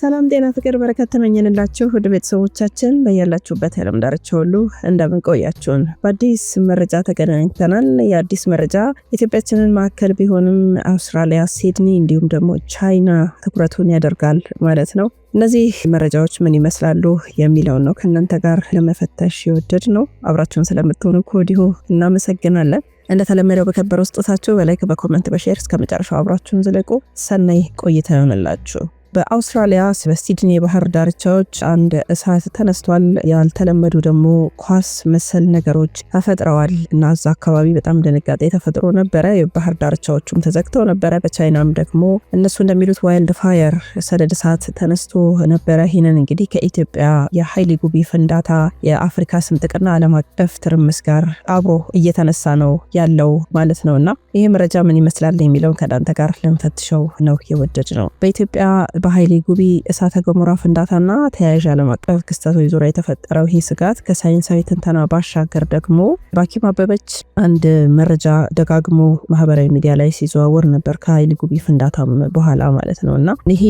ሰላም ጤና ፍቅር በረከት ተመኘንላችሁ ውድ ቤተሰቦቻችን በያላችሁበት የዓለም ዳርቻ ሁሉ እንደምንቆያችሁን በአዲስ መረጃ ተገናኝተናል። የአዲስ መረጃ ኢትዮጵያችንን ማዕከል ቢሆንም አውስትራሊያ ሲድኒ፣ እንዲሁም ደግሞ ቻይና ትኩረቱን ያደርጋል ማለት ነው። እነዚህ መረጃዎች ምን ይመስላሉ የሚለውን ነው ከእናንተ ጋር ለመፈተሽ የወደድ ነው። አብራችሁን ስለምትሆኑ ከወዲሁ እናመሰግናለን። እንደተለመደው በከበረው ስጦታችሁ በላይክ በኮመንት በሼር እስከ መጨረሻው አብራችሁን ዝለቁ። ሰናይ ቆይታ ይሆንላችሁ። በአውስትራሊያ በሲድኒ የባህር ዳርቻዎች አንድ እሳት ተነስቷል። ያልተለመዱ ደግሞ ኳስ መሰል ነገሮች ተፈጥረዋል እና እዛ አካባቢ በጣም ድንጋጤ ተፈጥሮ ነበረ። የባህር ዳርቻዎቹም ተዘግተው ነበረ። በቻይናም ደግሞ እነሱ እንደሚሉት ዋይልድ ፋየር ሰደድ እሳት ተነስቶ ነበረ። ይህንን እንግዲህ ከኢትዮጵያ የሀይሊ ጉቢ ፍንዳታ የአፍሪካ ስምጥቅና ዓለም አቀፍ ትርምስ ጋር አብሮ እየተነሳ ነው ያለው ማለት ነው እና ይህ መረጃ ምን ይመስላል የሚለውን ከእናንተ ጋር ልንፈትሸው ነው የወደድ ነው በኢትዮጵያ በሀይሌ ጉቢ እሳተ ገሞራ ፍንዳታና ተያያዥ ዓለም አቀፍ ክስተቶች ዙሪያ የተፈጠረው ይህ ስጋት ከሳይንሳዊ ትንተና ባሻገር ደግሞ ባኪም አበበች አንድ መረጃ ደጋግሞ ማህበራዊ ሚዲያ ላይ ሲዘዋወር ነበር ከሀይሌ ጉቢ ፍንዳታም በኋላ ማለት ነው እና ይሄ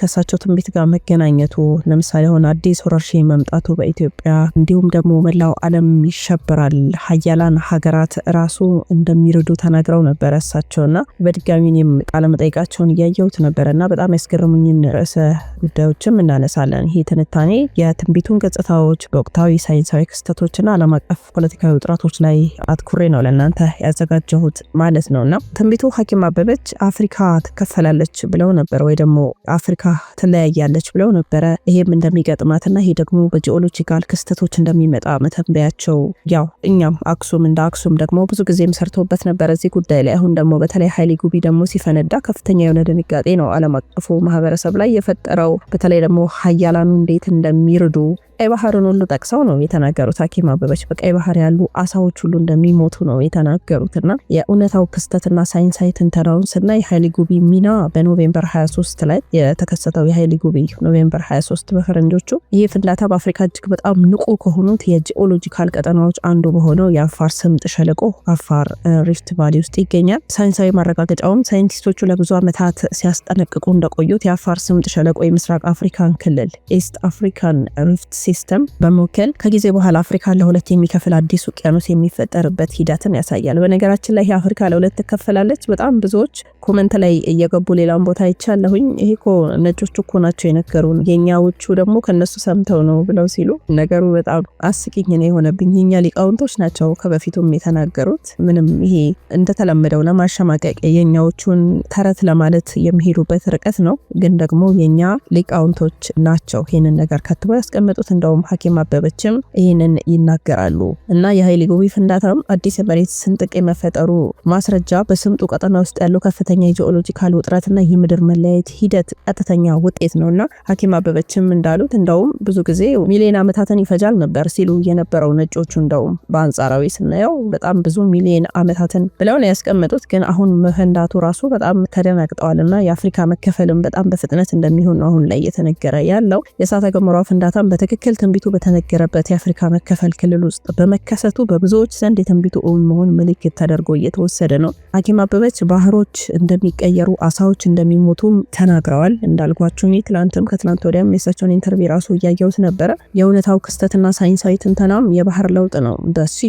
ከእሳቸው ትንቢት ጋር መገናኘቱ ለምሳሌ አሁን አዲስ ወረርሽኝ መምጣቱ በኢትዮጵያ እንዲሁም ደግሞ መላው ዓለም ይሸበራል ሀያላን ሀገራት ራሱ እንደሚረዱ ተናግረው ነበረ እሳቸውና በድጋሚ እኔም ቃለመጠይቃቸውን እያየሁት ነበረ እና በጣም ያስገርሙኝን ርዕሰ ጉዳዮችም እናነሳለን። ይህ ትንታኔ የትንቢቱን ገጽታዎች በወቅታዊ ሳይንሳዊ ክስተቶችና ዓለም አቀፍ ፖለቲካዊ ውጥረቶች ላይ አትኩሬ ነው ለእናንተ ያዘጋጀሁት ማለት ነው እና ትንቢቱ ሀኪም አበበች አፍሪካ ትከፈላለች ብለው ነበር ወይ ደግሞ አፍሪካ ትለያያለች ብለው ነበረ። ይሄም እንደሚገጥማትና ይሄ ደግሞ በጂኦሎጂካል ክስተቶች እንደሚመጣ መተንበያቸው ያው እኛም አክሱም እንደ አክሱም ደግሞ ብዙ ጊዜም ሰርቶበት ነበረ እዚህ ጉዳይ ላይ። አሁን ደግሞ በተለይ ሀይሌ ጉቢ ደግሞ ሲፈነዳ ከፍተኛ የሆነ ድንጋጤ ነው ዓለም አቀፉ ማህበረሰብ ማህበረሰብ ላይ የፈጠረው በተለይ ደግሞ ሀያላኑ እንዴት እንደሚርዱ ቀይ ባህርን ሁሉ ጠቅሰው ነው የተናገሩት። ሐኪም አበበች በቀይ ባህር ያሉ አሳዎች ሁሉ እንደሚሞቱ ነው የተናገሩትና የእውነታው ክስተትና ሳይንሳዊ ትንተናውን ስና የሀይሊ ጉቢ ሚና በኖቬምበር 23 ላይ የተከሰተው የሀይሊ ጉቢ ኖቬምበር 23 በፈረንጆቹ ይህ ፍንዳታ በአፍሪካ እጅግ በጣም ንቁ ከሆኑት የጂኦሎጂካል ቀጠናዎች አንዱ በሆነው የአፋር ስምጥ ሸለቆ አፋር ሪፍት ቫሊ ውስጥ ይገኛል። ሳይንሳዊ ማረጋገጫውም ሳይንቲስቶቹ ለብዙ ዓመታት ሲያስጠነቅቁ እንደቆዩት የአፋር የአፋር ስምጥ ሸለቆ የምስራቅ አፍሪካን ክልል ኢስት አፍሪካን ሪፍት ሲስተም በመወከል ከጊዜ በኋላ አፍሪካን ለሁለት የሚከፍል አዲስ ውቅያኖስ የሚፈጠርበት ሂደትን ያሳያል። በነገራችን ላይ አፍሪካ ለሁለት ትከፈላለች። በጣም ብዙዎች ኮመንት ላይ እየገቡ ሌላውን ቦታ ይቻለሁኝ። ይሄ እኮ ነጮቹ እኮ ናቸው የነገሩን የኛዎቹ ደግሞ ከነሱ ሰምተው ነው ብለው ሲሉ ነገሩ በጣም አስቂኝ ነው የሆነብኝ። የኛ ሊቃውንቶች ናቸው ከበፊቱም የተናገሩት። ምንም ይሄ እንደተለመደው ለማሸማቀቅ የኛዎቹን ተረት ለማለት የሚሄዱበት ርቀት ነው ግን ደግሞ የኛ ሊቃውንቶች ናቸው ይህንን ነገር ከትበው ያስቀመጡት። እንደውም ሐኪም አበበችም ይህንን ይናገራሉ እና የሀይሌ ጎቢ ፍንዳታም አዲስ የመሬት ስንጥቅ የመፈጠሩ ማስረጃ በስምጡ ቀጠና ውስጥ ያለው ከፍተኛ የጂኦሎጂካል ውጥረትና የምድር መለያየት ሂደት ቀጥተኛ ውጤት ነው እና ሐኪም አበበችም እንዳሉት እንደውም ብዙ ጊዜ ሚሊዮን ዓመታትን ይፈጃል ነበር ሲሉ የነበረው ነጮቹ እንደውም በአንጻራዊ ስናየው በጣም ብዙ ሚሊዮን ዓመታትን ብለው ነው ያስቀመጡት። ግን አሁን መፈንዳቱ ራሱ በጣም ተደናግጠዋል እና የአፍሪካ መከፈልም በጣም በፍ ፍጥነት እንደሚሆን አሁን ላይ እየተነገረ ያለው። የእሳተ ገሞራ ፍንዳታን በትክክል ትንቢቱ በተነገረበት የአፍሪካ መከፈል ክልል ውስጥ በመከሰቱ በብዙዎች ዘንድ የትንቢቱ እውን መሆን ምልክት ተደርጎ እየተወሰደ ነው። ሐኪም አበበች ባህሮች እንደሚቀየሩ፣ አሳዎች እንደሚሞቱም ተናግረዋል። እንዳልኳችሁ ትላንትም ከትላንት ወዲያም የሳቸውን ኢንተርቪ ራሱ እያየሁት ነበረ። የእውነታው ክስተትና ሳይንሳዊ ትንተናም የባህር ለውጥ ነው ሲ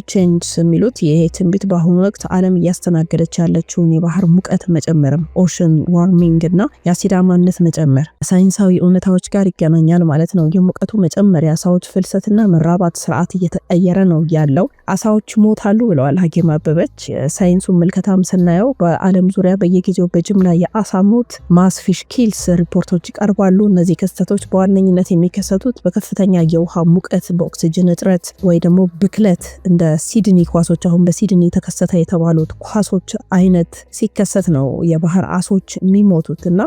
የሚሉት ይሄ ትንቢት በአሁኑ ወቅት ዓለም እያስተናገደች ያለችውን የባህር ሙቀት መጨመርም ኦሽን ዋርሚንግ እና የአሲዳማነት መጨመር ሳይንሳዊ እውነታዎች ጋር ይገናኛል ማለት ነው። የሙቀቱ መጨመር የአሳዎች ፍልሰትና መራባት ስርዓት እየተቀየረ ነው ያለው። አሳዎች ይሞታሉ ብለዋል ሀኪም አበበች። ሳይንሱን ምልከታም ስናየው በዓለም ዙሪያ በየጊዜው በጅምላ የአሳ ሞት ማስፊሽ ኪልስ ሪፖርቶች ይቀርባሉ። እነዚህ ክስተቶች በዋነኝነት የሚከሰቱት በከፍተኛ የውሃ ሙቀት፣ በኦክሲጅን እጥረት ወይ ደግሞ ብክለት እንደ ሲድኒ ኳሶች አሁን በሲድኒ ተከሰተ የተባሉት ኳሶች አይነት ሲከሰት ነው የባህር አሶች የሚሞቱት እና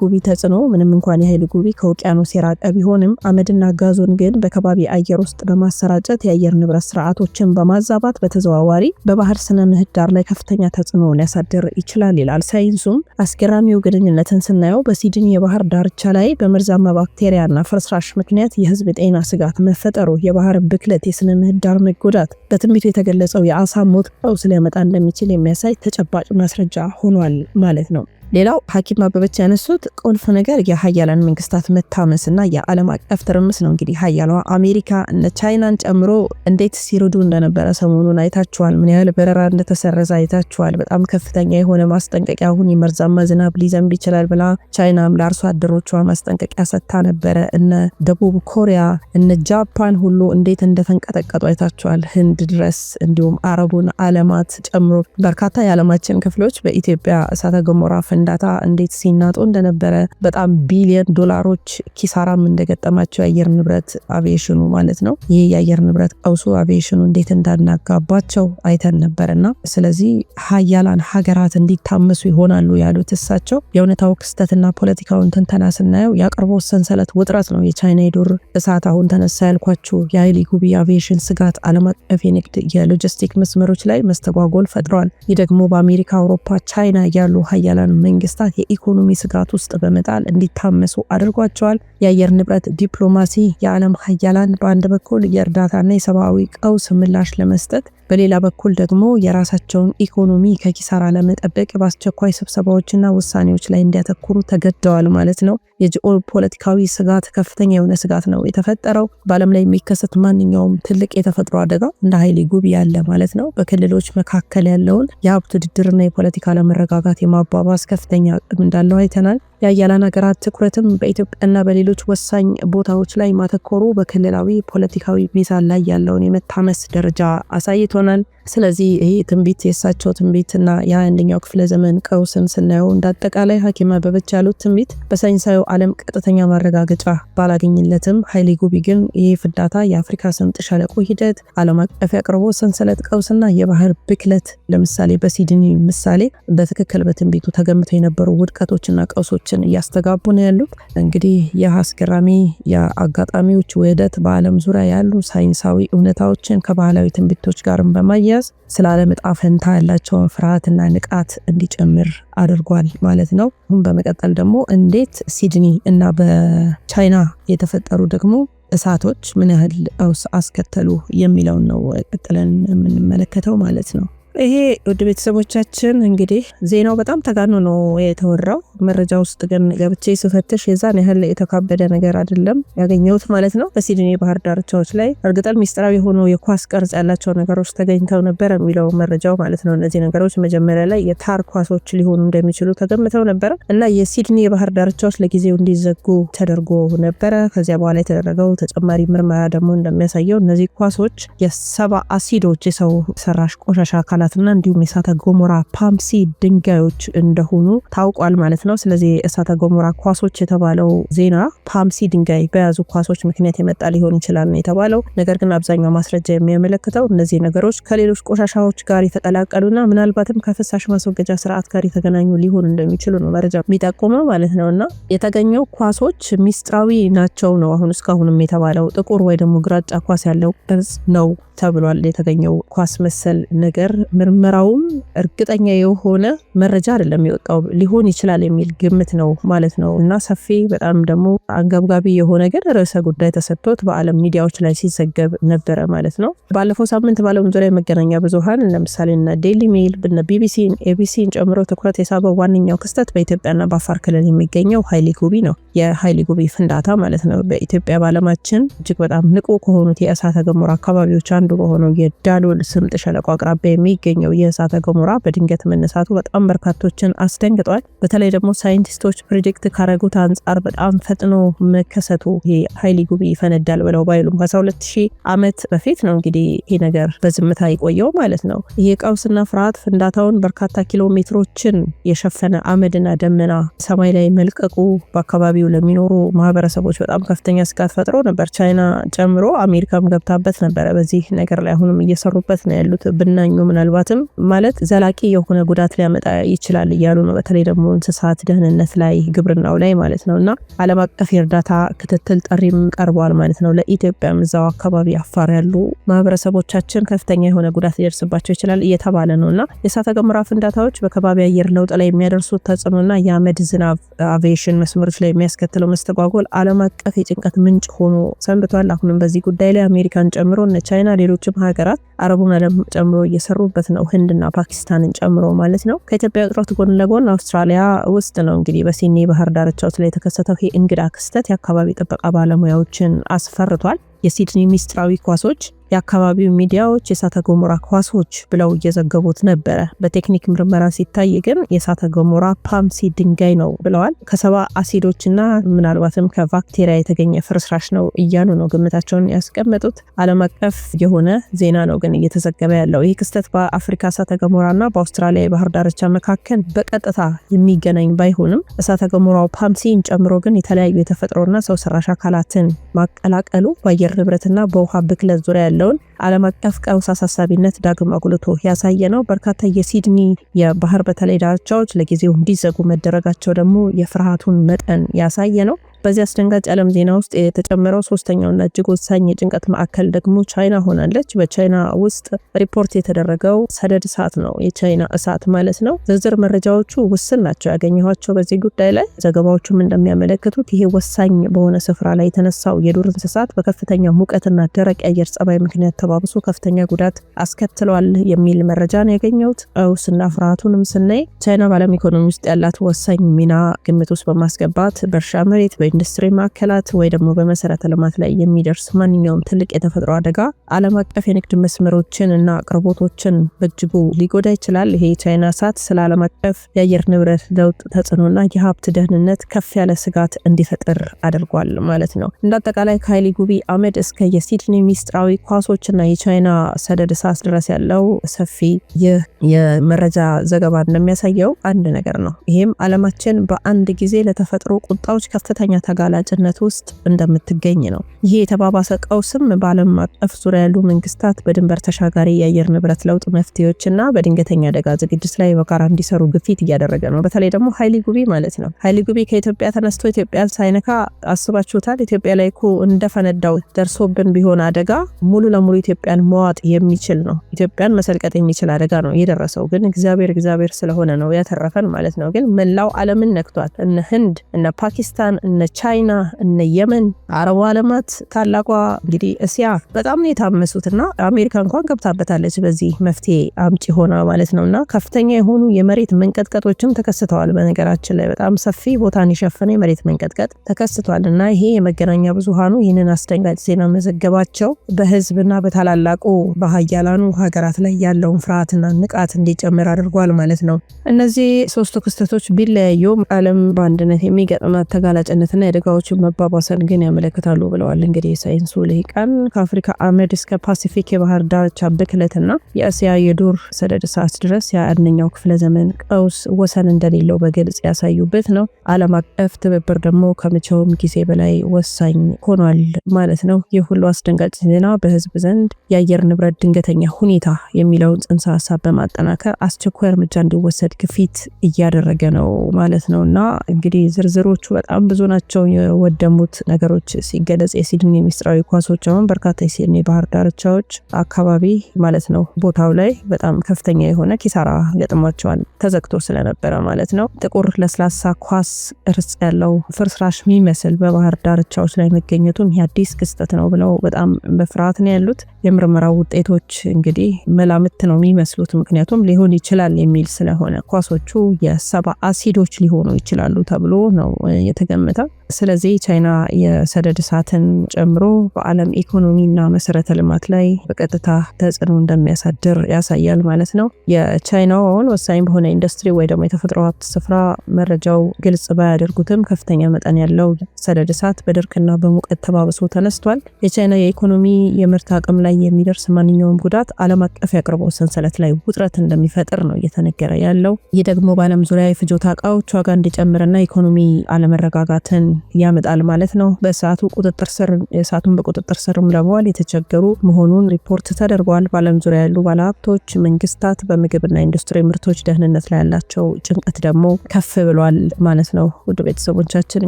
ጉቢ ተጽ ተወስኖ ምንም እንኳን የኃይል ጉቢ ከውቅያኖስ የራቀ ቢሆንም አመድና ጋዞን ግን በከባቢ አየር ውስጥ በማሰራጨት የአየር ንብረት ስርዓቶችን በማዛባት በተዘዋዋሪ በባህር ስነ ምህዳር ላይ ከፍተኛ ተጽዕኖውን ያሳድር ይችላል ይላል ሳይንሱም። አስገራሚው ግንኙነትን ስናየው በሲድኒ የባህር ዳርቻ ላይ በመርዛማ ባክቴሪያና ፍርስራሽ ምክንያት የህዝብ ጤና ስጋት መፈጠሩ፣ የባህር ብክለት፣ የስነ ምህዳር መጎዳት በትንቢቱ የተገለጸው የአሳ ሞት ቀውስ ሊያመጣ እንደሚችል የሚያሳይ ተጨባጭ ማስረጃ ሆኗል ማለት ነው። ሌላው ሐኪም አበበች ያነሱት ቁልፍ ነገር የሀያላን መንግስታት መታመስና የዓለም አቀፍ ትርምስ ነው። እንግዲህ ሀያሏ አሜሪካ እነ ቻይናን ጨምሮ እንዴት ሲርዱ እንደነበረ ሰሞኑን አይታችኋል። ምን ያህል በረራ እንደተሰረዘ አይታችኋል። በጣም ከፍተኛ የሆነ ማስጠንቀቂያ አሁን የመርዛማ ዝናብ ሊዘንብ ይችላል ብላ ቻይናም ለአርሶ አደሮቿ ማስጠንቀቂያ ሰጥታ ነበረ። እነ ደቡብ ኮሪያ እነ ጃፓን ሁሉ እንዴት እንደተንቀጠቀጡ አይታችኋል። ህንድ ድረስ እንዲሁም አረቡን አለማት ጨምሮ በርካታ የዓለማችን ክፍሎች በኢትዮጵያ እሳተ ገሞራ ፍንዳታ እንዴት ሲናጡ እንደነበረ በጣም ቢሊየን ዶላሮች ኪሳራም እንደገጠማቸው የአየር ንብረት አቪዬሽኑ ማለት ነው። ይህ የአየር ንብረት ቀውሱ አቪዬሽኑ እንዴት እንዳናጋባቸው አይተን ነበር ስለዚህ ሀያላን ሀገራት እንዲታመሱ ይሆናሉ ያሉት እሳቸው የእውነታው ክስተትና ፖለቲካውን ትንተና ስናየው የአቅርቦት ሰንሰለት ውጥረት ነው። የቻይና የዱር እሳት አሁን ተነሳ ያልኳችሁ የሀይሊ ጉቢ አቪዬሽን ስጋት አለም አቀፍ የንግድ የሎጂስቲክ መስመሮች ላይ መስተጓጎል ፈጥሯል ይህ ደግሞ በአሜሪካ፣ አውሮፓ፣ ቻይና ያሉ ሀያላን መንግስታት የኢኮኖሚ ስጋት ውስጥ በመጣል እንዲታመሱ አድርጓቸዋል። የአየር ንብረት ዲፕሎማሲ የዓለም ሀያላን በአንድ በኩል የእርዳታና የሰብአዊ ቀውስ ምላሽ ለመስጠት በሌላ በኩል ደግሞ የራሳቸውን ኢኮኖሚ ከኪሳራ ለመጠበቅ በአስቸኳይ ስብሰባዎችና ውሳኔዎች ላይ እንዲያተኩሩ ተገደዋል ማለት ነው። የጂኦፖለቲካዊ ስጋት ከፍተኛ የሆነ ስጋት ነው የተፈጠረው። በዓለም ላይ የሚከሰት ማንኛውም ትልቅ የተፈጥሮ አደጋ እንደ ሀይሌ ጉብ ያለ ማለት ነው በክልሎች መካከል ያለውን የሀብት ውድድርና የፖለቲካ አለመረጋጋት የማባባስ ከፍተኛ አቅም እንዳለው አይተናል። የአያላን ሀገራት ትኩረትም በኢትዮጵያና በሌሎች ወሳኝ ቦታዎች ላይ ማተኮሩ በክልላዊ ፖለቲካዊ ሚዛን ላይ ያለውን የመታመስ ደረጃ አሳይቶናል። ስለዚህ ይህ ትንቢት የእሳቸው ትንቢትና የአንደኛው ክፍለ ዘመን ቀውስን ስናየው እንዳጠቃላይ ሀኪማ አበበች ያሉት ትንቢት በሳይንሳዊ ዓለም ቀጥተኛ ማረጋገጫ ባላገኝለትም ሀይሌ ጉቢ ግን ይህ ፍንዳታ የአፍሪካ ስምጥ ሸለቆ ሂደት፣ ዓለም አቀፍ የአቅርቦት ሰንሰለት ቀውስና የባህር ብክለት ለምሳሌ በሲድኒ ምሳሌ በትክክል በትንቢቱ ተገምተው የነበሩ ውድቀቶችና ቀውሶች ሰዎችን እያስተጋቡ ነው ያሉት። እንግዲህ የአስገራሚ የአጋጣሚዎች ውህደት በዓለም ዙሪያ ያሉ ሳይንሳዊ እውነታዎችን ከባህላዊ ትንቢቶች ጋርም በማያያዝ ስለ ዓለም ዕጣ ፈንታ ያላቸውን ፍርሃትና ንቃት እንዲጨምር አድርጓል ማለት ነው። አሁን በመቀጠል ደግሞ እንዴት ሲድኒ እና በቻይና የተፈጠሩ ደግሞ እሳቶች ምን ያህል ቀውስ አስከተሉ የሚለውን ነው ቀጥለን የምንመለከተው ማለት ነው። ይሄ ውድ ቤተሰቦቻችን እንግዲህ ዜናው በጣም ተጋኖ ነው የተወራው። መረጃ ውስጥ ግን ገብቼ ስፈትሽ የዛን ያህል የተካበደ ነገር አይደለም ያገኘሁት ማለት ነው። በሲድኒ ባህር ዳርቻዎች ላይ እርግጠን ሚስጥራዊ የሆኑ የኳስ ቅርጽ ያላቸው ነገሮች ተገኝተው ነበር የሚለው መረጃው ማለት ነው። እነዚህ ነገሮች መጀመሪያ ላይ የታር ኳሶች ሊሆኑ እንደሚችሉ ተገምተው ነበረ እና የሲድኒ የባህር ዳርቻዎች ለጊዜው እንዲዘጉ ተደርጎ ነበረ። ከዚያ በኋላ የተደረገው ተጨማሪ ምርመራ ደግሞ እንደሚያሳየው እነዚህ ኳሶች የሰባ አሲዶች የሰው ሰራሽ ቆሻሻ አካላት ማዕከላትና እንዲሁም የእሳተ ገሞራ ፓምሲ ድንጋዮች እንደሆኑ ታውቋል ማለት ነው። ስለዚህ የእሳተ ገሞራ ኳሶች የተባለው ዜና ፓምሲ ድንጋይ በያዙ ኳሶች ምክንያት የመጣ ሊሆን ይችላል ነው የተባለው። ነገር ግን አብዛኛው ማስረጃ የሚያመለክተው እነዚህ ነገሮች ከሌሎች ቆሻሻዎች ጋር የተቀላቀሉና ምናልባትም ከፍሳሽ ማስወገጃ ስርዓት ጋር የተገናኙ ሊሆን እንደሚችሉ ነው መረጃ የሚጠቁመው ማለት ነው። እና የተገኘው ኳሶች ሚስጥራዊ ናቸው ነው አሁን እስካሁንም የተባለው ጥቁር ወይ ደግሞ ግራጫ ኳስ ያለው ቅርጽ ነው ተብሏል የተገኘው ኳስ መሰል ነገር። ምርመራውም እርግጠኛ የሆነ መረጃ አይደለም የወጣው ሊሆን ይችላል የሚል ግምት ነው ማለት ነው። እና ሰፊ በጣም ደግሞ አንገብጋቢ የሆነ ግን ርዕሰ ጉዳይ ተሰጥቶት በዓለም ሚዲያዎች ላይ ሲዘገብ ነበረ ማለት ነው። ባለፈው ሳምንት በዓለም ዙሪያ መገናኛ ብዙሃን ለምሳሌ እነ ዴይሊ ሜል እነ ቢቢሲን ኤቢሲን ጨምሮ ትኩረት የሳበው ዋነኛው ክስተት በኢትዮጵያና በአፋር ክልል የሚገኘው ሀይሌ ጉቢ ነው። የሀይሊ ጉቢ ፍንዳታ ማለት ነው። በኢትዮጵያ በዓለማችን እጅግ በጣም ንቁ ከሆኑት የእሳተ ገሞራ አካባቢዎች አንዱ በሆነው የዳሎል ስምጥ ሸለቆ አቅራቢያ የሚገኘው የእሳተ ገሞራ በድንገት መነሳቱ በጣም በርካቶችን አስደንግጧል። በተለይ ደግሞ ሳይንቲስቶች ፕሮጀክት ካረጉት አንጻር በጣም ፈጥኖ መከሰቱ ይሄ ሀይሊ ጉቢ ይፈነዳል ብለው ባይሉም ከ12 ሺህ ዓመት በፊት ነው እንግዲህ ይሄ ነገር በዝምታ የቆየው ማለት ነው። ይሄ ቀውስና ፍርሃት ፍንዳታውን በርካታ ኪሎ ሜትሮችን የሸፈነ አመድና ደመና ሰማይ ላይ መልቀቁ በአካባቢው ለሚኖሩ ማህበረሰቦች በጣም ከፍተኛ ስጋት ፈጥሮ ነበር። ቻይና ጨምሮ አሜሪካም ገብታበት ነበረ። በዚህ ነገር ላይ አሁንም እየሰሩበት ነው ያሉት። ብናኙ ምናልባትም ማለት ዘላቂ የሆነ ጉዳት ሊያመጣ ይችላል እያሉ ነው። በተለይ ደግሞ እንስሳት ደህንነት ላይ ግብርናው ላይ ማለት ነው እና ዓለም አቀፍ የእርዳታ ክትትል ጥሪም ቀርቧል ማለት ነው ለኢትዮጵያም እዛው አካባቢ አፋር ያሉ ማህበረሰቦቻችን ከፍተኛ የሆነ ጉዳት ሊደርስባቸው ይችላል እየተባለ ነው እና የእሳተ ገሞራ ፍንዳታዎች በከባቢ አየር ለውጥ ላይ የሚያደርሱት ተጽዕኖና የአመድ ዝናብ አቪዬሽን መስመሮች ላይ የሚያስከትለው መስተጓጎል ዓለም አቀፍ የጭንቀት ምንጭ ሆኖ ሰንብቷል። አሁንም በዚህ ጉዳይ ላይ አሜሪካን ጨምሮ እነ ቻይና፣ ሌሎችም ሀገራት አረቡን ዓለም ጨምሮ እየሰሩበት ነው፣ ህንድና ፓኪስታንን ጨምሮ ማለት ነው። ከኢትዮጵያ ጥረት ጎን ለጎን አውስትራሊያ ውስጥ ነው እንግዲህ በሲኒ ባህር ዳርቻዎች ላይ የተከሰተው እንግዳ ክስተት የአካባቢ ጥበቃ ባለሙያዎችን አስፈርቷል። የሲድኒ ሚስጥራዊ ኳሶች የአካባቢው ሚዲያዎች የእሳተ ገሞራ ኳሶች ብለው እየዘገቡት ነበረ። በቴክኒክ ምርመራ ሲታይ ግን የእሳተ ገሞራ ፓምሲ ድንጋይ ነው ብለዋል። ከሰባ አሲዶችና ምናልባትም ከባክቴሪያ የተገኘ ፍርስራሽ ነው እያሉ ነው ግምታቸውን ያስቀመጡት። ዓለም አቀፍ የሆነ ዜና ነው ግን እየተዘገበ ያለው ይህ ክስተት በአፍሪካ እሳተ ገሞራና በአውስትራሊያ የባህር ዳርቻ መካከል በቀጥታ የሚገናኝ ባይሆንም እሳተ ገሞራው ፓምሲን ጨምሮ ግን የተለያዩ የተፈጥሮና ሰው ሰራሽ አካላትን ማቀላቀሉ በአየር ንብረትና በውሃ ብክለት ዙሪያ ያለው ያለውን ዓለም አቀፍ ቀውስ አሳሳቢነት ዳግም አጉልቶ ያሳየ ነው። በርካታ የሲድኒ የባህር በተለይ ዳርቻዎች ለጊዜው እንዲዘጉ መደረጋቸው ደግሞ የፍርሃቱን መጠን ያሳየ ነው። በዚህ አስደንጋጭ ዓለም ዜና ውስጥ የተጨመረው ሶስተኛውና እጅግ ወሳኝ የጭንቀት ማዕከል ደግሞ ቻይና ሆናለች። በቻይና ውስጥ ሪፖርት የተደረገው ሰደድ እሳት ነው፣ የቻይና እሳት ማለት ነው። ዝርዝር መረጃዎቹ ውስን ናቸው ያገኘኋቸው በዚህ ጉዳይ ላይ። ዘገባዎቹም እንደሚያመለክቱት ይሄ ወሳኝ በሆነ ስፍራ ላይ የተነሳው የዱር እንስሳት በከፍተኛ ሙቀትና ደረቅ የአየር ጸባይ ምክንያት ተባብሶ ከፍተኛ ጉዳት አስከትለዋል የሚል መረጃ ነው ያገኘሁት። ውስና ፍርሃቱንም ስናይ ቻይና በዓለም ኢኮኖሚ ውስጥ ያላት ወሳኝ ሚና ግምት ውስጥ በማስገባት በእርሻ መሬት በኢንዱስትሪ ማዕከላት ወይ ደግሞ በመሰረተ ልማት ላይ የሚደርስ ማንኛውም ትልቅ የተፈጥሮ አደጋ ዓለም አቀፍ የንግድ መስመሮችን እና አቅርቦቶችን በእጅጉ ሊጎዳ ይችላል። ይሄ የቻይና እሳት ስለ ዓለም አቀፍ የአየር ንብረት ለውጥ ተጽዕኖና የሀብት ደህንነት ከፍ ያለ ስጋት እንዲፈጥር አድርጓል ማለት ነው። እንደ አጠቃላይ ከሀይሊ ጉቢ አመድ እስከ የሲድኒ ሚስጥራዊ ኳሶችና የቻይና ሰደድ እሳት ድረስ ያለው ሰፊ ይህ የመረጃ ዘገባ እንደሚያሳየው አንድ ነገር ነው። ይህም አለማችን በአንድ ጊዜ ለተፈጥሮ ቁጣዎች ከፍተኛ ተጋላጭነት ውስጥ እንደምትገኝ ነው። ይህ የተባባሰ ቀውስም በዓለም አቀፍ ዙሪያ ያሉ መንግስታት በድንበር ተሻጋሪ የአየር ንብረት ለውጥ መፍትሄዎችና በድንገተኛ አደጋ ዝግጅት ላይ በጋራ እንዲሰሩ ግፊት እያደረገ ነው። በተለይ ደግሞ ሀይሊ ጉቢ ማለት ነው። ሀይሊ ጉቢ ከኢትዮጵያ ተነስቶ ኢትዮጵያን ሳይነካ አስባችሁታል? ኢትዮጵያ ላይ እኮ እንደፈነዳው ደርሶብን ቢሆን አደጋ ሙሉ ለሙሉ ኢትዮጵያን መዋጥ የሚችል ነው። ኢትዮጵያን መሰልቀጥ የሚችል አደጋ ነው የደረሰው። ግን እግዚአብሔር እግዚአብሔር ስለሆነ ነው ያተረፈን ማለት ነው። ግን መላው ዓለምን ነክቷል። እነ ህንድ፣ እነ ፓኪስታን፣ እነ ቻይና፣ እነ የመን፣ አረቡ ዓለማት ታላቋ እንግዲህ እስያ በጣም ነው የታመሱት እና አሜሪካ እንኳን ገብታበታለች በዚህ መፍትሄ አምጪ ሆና ማለት ነው እና ከፍተኛ የሆኑ የመሬት መንቀጥቀጦችም ተከስተዋል። በነገራችን ላይ በጣም ሰፊ ቦታን የሸፈነ የመሬት መንቀጥቀጥ ተከስቷል እና ይሄ የመገናኛ ብዙሃኑ ይህንን አስደንጋጭ ዜና መዘገባቸው በህዝብና በታላላቁ በሀያላኑ ሀገራት ላይ ያለውን ፍርሃትና ንቃት እንዲጨምር አድርጓል ማለት ነው። እነዚህ ሶስቱ ክስተቶች ቢለያዩም ዓለም በአንድነት የሚገጥማት ተጋላጭነት የእሳትና የደጋዎችን መባባሰን ግን ያመለክታሉ ብለዋል። እንግዲህ የሳይንሱ ልሂቃን ከአፍሪካ አመድ እስከ ፓሲፊክ የባህር ዳርቻ ብክለትና የእስያ የዱር ሰደድ እሳት ድረስ የአንደኛው ክፍለ ዘመን ቀውስ ወሰን እንደሌለው በግልጽ ያሳዩበት ነው። ዓለም አቀፍ ትብብር ደግሞ ከመቼውም ጊዜ በላይ ወሳኝ ሆኗል ማለት ነው። ይህ ሁሉ አስደንጋጭ ዜና በህዝብ ዘንድ የአየር ንብረት ድንገተኛ ሁኔታ የሚለውን ጽንሰ ሀሳብ በማጠናከር አስቸኳይ እርምጃ እንዲወሰድ ግፊት እያደረገ ነው ማለት ነው እና እንግዲህ ዝርዝሮቹ በጣም ብዙ ናቸው። በውስጣቸው የወደሙት ነገሮች ሲገለጽ የሲድኒ ሚስጥራዊ ኳሶች አሁን በርካታ የሲድኒ ባህር ዳርቻዎች አካባቢ ማለት ነው ቦታው ላይ በጣም ከፍተኛ የሆነ ኪሳራ ገጥሟቸዋል፣ ተዘግቶ ስለነበረ ማለት ነው። ጥቁር ለስላሳ ኳስ ቅርጽ ያለው ፍርስራሽ የሚመስል በባህር ዳርቻዎች ላይ መገኘቱም ይህ አዲስ ክስተት ነው ብለው በጣም በፍርሃት ነው ያሉት። የምርመራ ውጤቶች እንግዲህ መላምት ነው የሚመስሉት፣ ምክንያቱም ሊሆን ይችላል የሚል ስለሆነ ኳሶቹ የሰባ አሲዶች ሊሆኑ ይችላሉ ተብሎ ነው የተገመተው። ስለዚህ ቻይና የሰደድ እሳትን ጨምሮ በዓለም ኢኮኖሚና መሰረተ ልማት ላይ በቀጥታ ተጽዕኖ እንደሚያሳድር ያሳያል ማለት ነው። የቻይናውን ወሳኝ በሆነ ኢንዱስትሪ ወይ ደግሞ የተፈጥሮ ሀብት ስፍራ መረጃው ግልጽ ባያደርጉትም ከፍተኛ መጠን ያለው ሰደድ እሳት በድርቅና በሙቀት ተባብሶ ተነስቷል። የቻይና የኢኮኖሚ የምርት አቅም ላይ የሚደርስ ማንኛውም ጉዳት ዓለም አቀፍ የአቅርቦት ሰንሰለት ላይ ውጥረት እንደሚፈጥር ነው እየተነገረ ያለው። ይህ ደግሞ በዓለም ዙሪያ የፍጆታ እቃዎች ዋጋ እንዲጨምርና ኢኮኖሚ አለመረጋጋትን ያመጣል ማለት ነው። በእሳቱ ቁጥጥር ስር እሳቱን በቁጥጥር ስርም ለመዋል የተቸገሩ መሆኑን ሪፖርት ተደርጓል። በዓለም ዙሪያ ያሉ ባለሀብቶች፣ መንግስታት በምግብና ኢንዱስትሪ ምርቶች ደህንነት ላይ ያላቸው ጭንቀት ደግሞ ከፍ ብሏል ማለት ነው። ውድ ቤተሰቦቻችን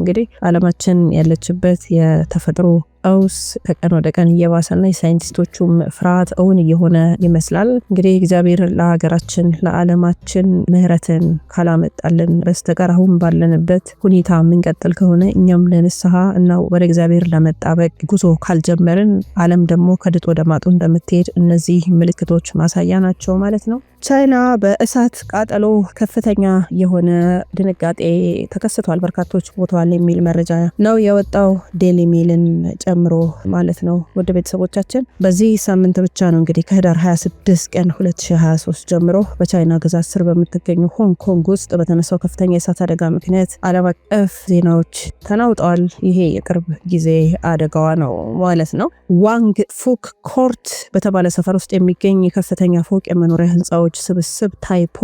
እንግዲህ አለማችን ያለችበት የተፈጥሮ ቀውስ ከቀን ወደ ቀን እየባሰና የሳይንቲስቶቹም ፍርሃት እውን እየሆነ ይመስላል። እንግዲህ እግዚአብሔር ለሀገራችን ለዓለማችን ምህረትን ካላመጣልን በስተቀር አሁን ባለንበት ሁኔታ የምንቀጥል ከሆነ እኛም ለንስሐ እና ወደ እግዚአብሔር ለመጣበቅ ጉዞ ካልጀመርን ዓለም ደግሞ ከድጦ ወደ ማጡ እንደምትሄድ እነዚህ ምልክቶች ማሳያ ናቸው ማለት ነው። ቻይና በእሳት ቃጠሎ ከፍተኛ የሆነ ድንጋጤ ተከስቷል፣ በርካቶች ሞተዋል የሚል መረጃ ነው የወጣው ዴሊ ሜልን ጨምሮ ማለት ነው። ወደ ቤተሰቦቻችን በዚህ ሳምንት ብቻ ነው እንግዲህ ከህዳር 26 ቀን 2023 ጀምሮ በቻይና ግዛት ስር በምትገኙ ሆንግ ኮንግ ውስጥ በተነሳው ከፍተኛ የእሳት አደጋ ምክንያት ዓለም አቀፍ ዜናዎች ተናውጠዋል። ይሄ የቅርብ ጊዜ አደጋዋ ነው ማለት ነው። ዋንግ ፉክ ኮርት በተባለ ሰፈር ውስጥ የሚገኝ ከፍተኛ ፎቅ የመኖሪያ ህንፃዎች ስብስብ ታይፖ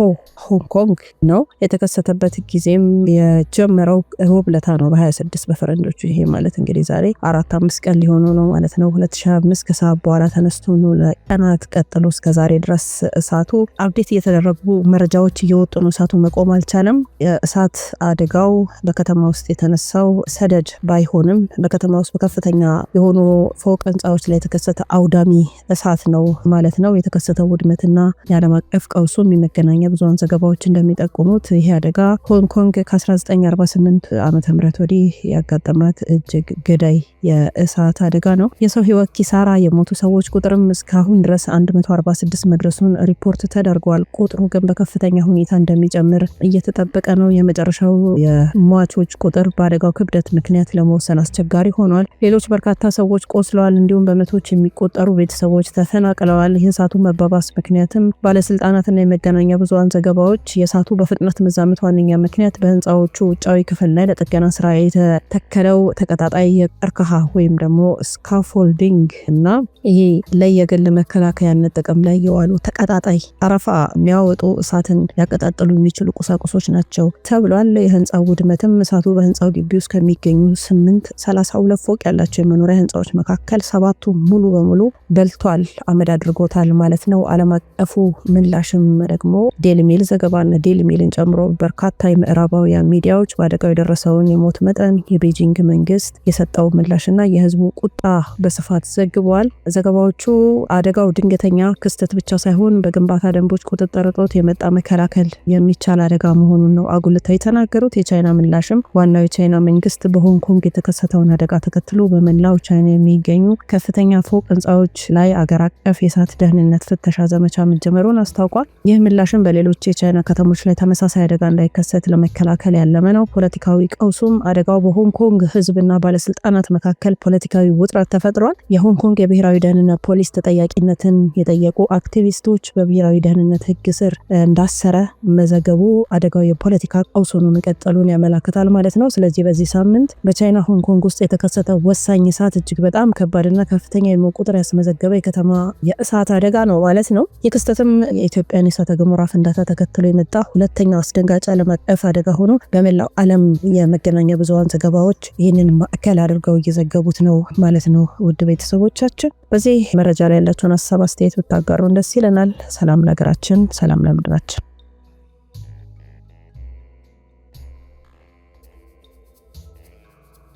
ሆንኮንግ ነው። የተከሰተበት ጊዜም የጀመረው ሮብ ለታ ነው በ26 በፈረንጆቹ። ይሄ ማለት እንግዲህ ዛሬ አራት አምስት ቀን ሊሆኑ ነው ማለት ነው። 2025 ከሰዓት በኋላ ተነስቶ ነው ለቀናት ቀጥሎ እስከ ዛሬ ድረስ እሳቱ አብዴት እየተደረጉ መረጃዎች እየወጡ ነው። እሳቱ መቆም አልቻለም። የእሳት አደጋው በከተማ ውስጥ የተነሳው ሰደድ ባይሆንም በከተማ ውስጥ በከፍተኛ የሆኑ ፎቅ ህንፃዎች ላይ የተከሰተ አውዳሚ እሳት ነው ማለት ነው። የተከሰተው ውድመትና የዓለም አቀፍ ቀውሱም የመገናኛ ብዙሃን ዘገባዎች እንደሚጠቁሙት ይህ አደጋ ሆንግ ኮንግ ከ1948 ዓ ም ወዲህ ያጋጠማት እጅግ ገዳይ የእሳት አደጋ ነው። የሰው ህይወት ኪሳራ፣ የሞቱ ሰዎች ቁጥርም እስካሁን ድረስ 146 መድረሱን ሪፖርት ተደርጓል። ቁጥሩ ግን በከፍተኛ ሁኔታ እንደሚጨምር እየተጠበቀ ነው። የመጨረሻው የሟቾች ቁጥር በአደጋው ክብደት ምክንያት ለመወሰን አስቸጋሪ ሆኗል። ሌሎች በርካታ ሰዎች ቆስለዋል። እንዲሁም በመቶዎች የሚቆጠሩ ቤተሰቦች ተፈናቅለዋል። የእሳቱ መባባስ ምክንያትም ባለስልጣ የህፃናትና የመገናኛ ብዙሀን ዘገባዎች የእሳቱ በፍጥነት መዛመት ዋነኛ ምክንያት በህንፃዎቹ ውጫዊ ክፍል ላይ ለጥገና ስራ የተተከለው ተቀጣጣይ የቀርከሃ ወይም ደግሞ ስካፎልዲንግ እና ይሄ የግል መከላከያነት ጥቅም ላይ የዋሉ ተቀጣጣይ አረፋ የሚያወጡ እሳትን ሊያቀጣጥሉ የሚችሉ ቁሳቁሶች ናቸው ተብሏል። የህንፃው ውድመትም እሳቱ በህንፃው ግቢ ውስጥ ከሚገኙ ስምንት ሰላሳ ሁለት ፎቅ ያላቸው የመኖሪያ ህንፃዎች መካከል ሰባቱ ሙሉ በሙሉ በልቷል፣ አመድ አድርጎታል ማለት ነው። አለም አቀፉ ምን ምላሽም ደግሞ ዴል ሜል ዘገባና ዴል ሜልን ጨምሮ በርካታ የምዕራባውያን ሚዲያዎች በአደጋው የደረሰውን የሞት መጠን፣ የቤጂንግ መንግስት የሰጠው ምላሽና የህዝቡ ቁጣ በስፋት ዘግበዋል። ዘገባዎቹ አደጋው ድንገተኛ ክስተት ብቻ ሳይሆን በግንባታ ደንቦች ቁጥጥር እጦት የመጣ መከላከል የሚቻል አደጋ መሆኑን ነው አጉልተው የተናገሩት። የቻይና ምላሽም ዋናው የቻይና መንግስት በሆንኮንግ የተከሰተውን አደጋ ተከትሎ በመላው ቻይና የሚገኙ ከፍተኛ ፎቅ ህንፃዎች ላይ አገር አቀፍ የእሳት ደህንነት ፍተሻ ዘመቻ መጀመሩን አስታ አስታውቋል። ይህ ምላሽም በሌሎች የቻይና ከተሞች ላይ ተመሳሳይ አደጋ እንዳይከሰት ለመከላከል ያለመ ነው። ፖለቲካዊ ቀውሱም አደጋው በሆንግ ኮንግ ህዝብና ባለስልጣናት መካከል ፖለቲካዊ ውጥረት ተፈጥሯል። የሆንግ ኮንግ የብሔራዊ ደህንነት ፖሊስ ተጠያቂነትን የጠየቁ አክቲቪስቶች በብሔራዊ ደህንነት ህግ ስር እንዳሰረ መዘገቡ አደጋው የፖለቲካ ቀውስ መቀጠሉን ያመላክታል ማለት ነው። ስለዚህ በዚህ ሳምንት በቻይና ሆንግ ኮንግ ውስጥ የተከሰተ ወሳኝ እሳት እጅግ በጣም ከባድና ከፍተኛ የሞት ቁጥር ያስመዘገበ የከተማ የእሳት አደጋ ነው ማለት ነው። የክስተትም የኢትዮጵያን የእሳተ ገሞራ ፍንዳታ ተከትሎ የመጣ ሁለተኛው አስደንጋጭ ዓለም አቀፍ አደጋ ሆኖ በመላው ዓለም የመገናኛ ብዙሃን ዘገባዎች ይህንን ማዕከል አድርገው እየዘገቡት ነው ማለት ነው። ውድ ቤተሰቦቻችን በዚህ መረጃ ላይ ያላችሁን ሀሳብ አስተያየት ብታጋሩን ደስ ይለናል። ሰላም ለሀገራችን፣ ሰላም ለምድራችን።